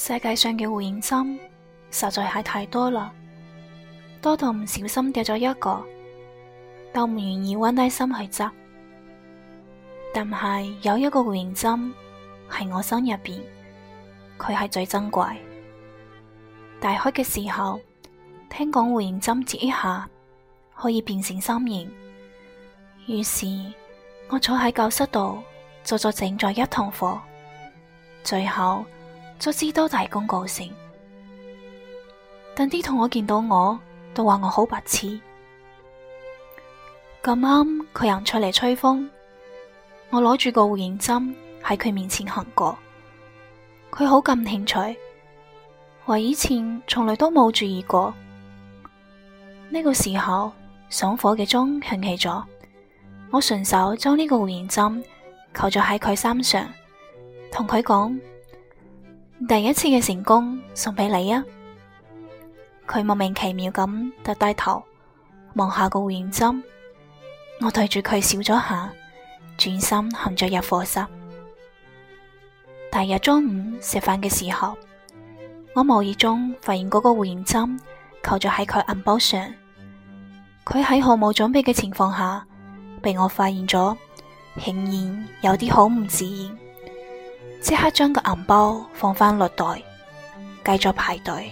世界上嘅回形針實在係太多啦，多到唔小心掉咗一個，都唔願意彎低身去執。但係有一個回形針喺我心入邊，佢係最珍貴。大學嘅時候，聽講回形針折一下可以變成心形，於是我坐喺教室度做咗整咗一堂課，最後。卒之都大功告成，但啲同學見到我都話我好白痴。咁啱佢行出嚟吹風，我攞住個回形針喺佢面前行過，佢好感興趣，話以前從來都冇注意過。呢、呢個時候上課嘅鐘響起咗，我順手將呢個回形針扣咗喺佢衫上，同佢講。第一次嘅成功送畀你啊！佢莫名其妙咁耷低頭望下個回形針，我對住佢笑咗下，轉身行咗入課室。第日中午食飯嘅時候，我無意中發現嗰個回形針扣咗喺佢銀包上，佢喺毫無準備嘅情況下被我發現咗，顯然有啲好唔自然。即刻將個銀包放返落袋，繼續排隊。